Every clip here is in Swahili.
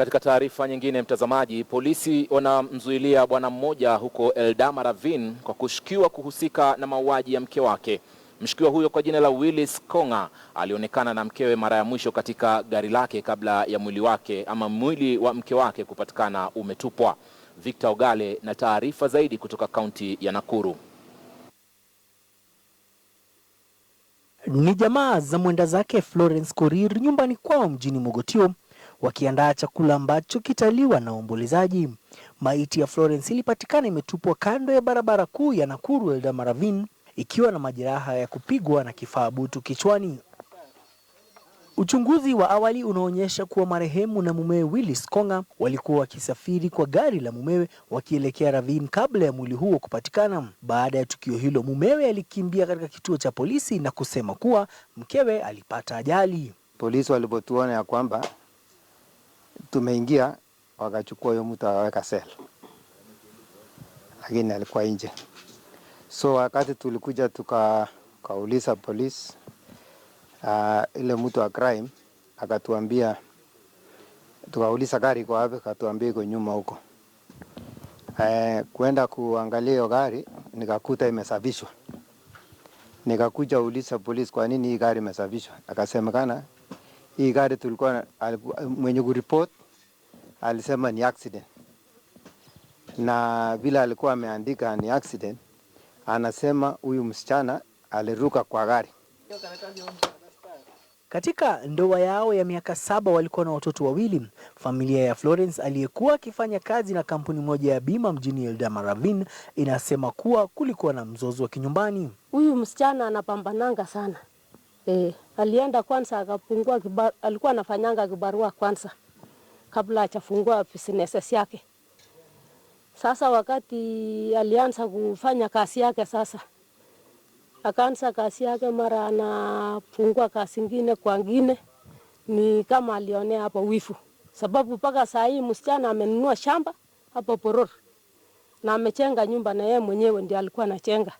Katika taarifa nyingine, mtazamaji, polisi wanamzuilia bwana mmoja huko Eldama Ravine kwa kushukiwa kuhusika na mauaji ya mke wake. Mshukiwa huyo kwa jina la Willis Kong'a alionekana na mkewe mara ya mwisho katika gari lake kabla ya mwili wake ama mwili wa mke wake kupatikana umetupwa. Victor Ogale na taarifa zaidi kutoka kaunti ya Nakuru. Ni jamaa za mwenda zake Florence Korir nyumbani kwao mjini Mogotio wakiandaa chakula ambacho kitaliwa na waombolezaji. Maiti ya Florence ilipatikana imetupwa kando ya barabara kuu ya Nakuru Eldoradini ikiwa na majeraha ya kupigwa na kifaa butu kichwani. Uchunguzi wa awali unaonyesha kuwa marehemu na mumewe Willis Konga walikuwa wakisafiri kwa gari la mumewe wakielekea Ravine kabla ya mwili huo kupatikana. Baada ya tukio hilo, mumewe alikimbia katika kituo cha polisi na kusema kuwa mkewe alipata ajali. Polisi walipotuona ya kwamba tumeingia, wakachukua huyo mtu akaweka sel, lakini alikuwa nje. So wakati tulikuja tukauliza polisi uh, ah, ile mtu wa crime akatuambia, tukauliza gari iko wapi, akatuambia iko nyuma huko. Uh, kwenda kuangalia hiyo gari nikakuta imesafishwa, nikakuja uliza polisi, kwa nini hii gari imesafishwa? Akasemekana hii gari tulikuwa mwenye kuripoti alisema ni accident, na vile alikuwa ameandika ni accident, anasema huyu msichana aliruka kwa gari. Katika ndoa yao ya miaka saba walikuwa na watoto wawili. Familia ya Florence aliyekuwa akifanya kazi na kampuni moja ya bima mjini maravin inasema kuwa kulikuwa na mzozo wa kinyumbani. Huyu msichana anapambananga sana Eh, alienda kwanza akafungua kibar, alikuwa anafanyanga kibarua kwanza kabla hajafungua business yake. Sasa wakati alianza kufanya kazi yake sasa akaanza kazi yake, mara anafungua kazi ngine kwa ngine, ni kama alionea hapo wifu sababu mpaka saa hii msichana amenunua shamba hapo Poror na amechenga nyumba, na yeye mwenyewe ndiye alikuwa anachenga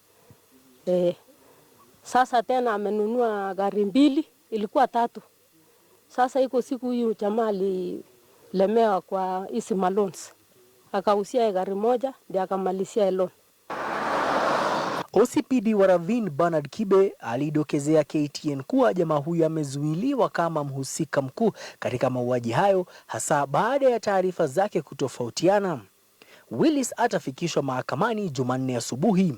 eh. Sasa tena amenunua gari mbili, ilikuwa tatu. Sasa iko siku hiyo jamaa alilemewa kwa hizi malons, akausia gari moja ndio akamalizia loan. OCPD wa Ravin Bernard Kibe alidokezea KTN kuwa jamaa huyo amezuiliwa kama mhusika mkuu katika mauaji hayo, hasa baada ya taarifa zake kutofautiana. Willis atafikishwa mahakamani Jumanne asubuhi.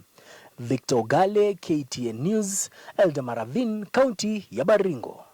Victor Gale, KTN News, Eldoradhine, kaunti ya Baringo.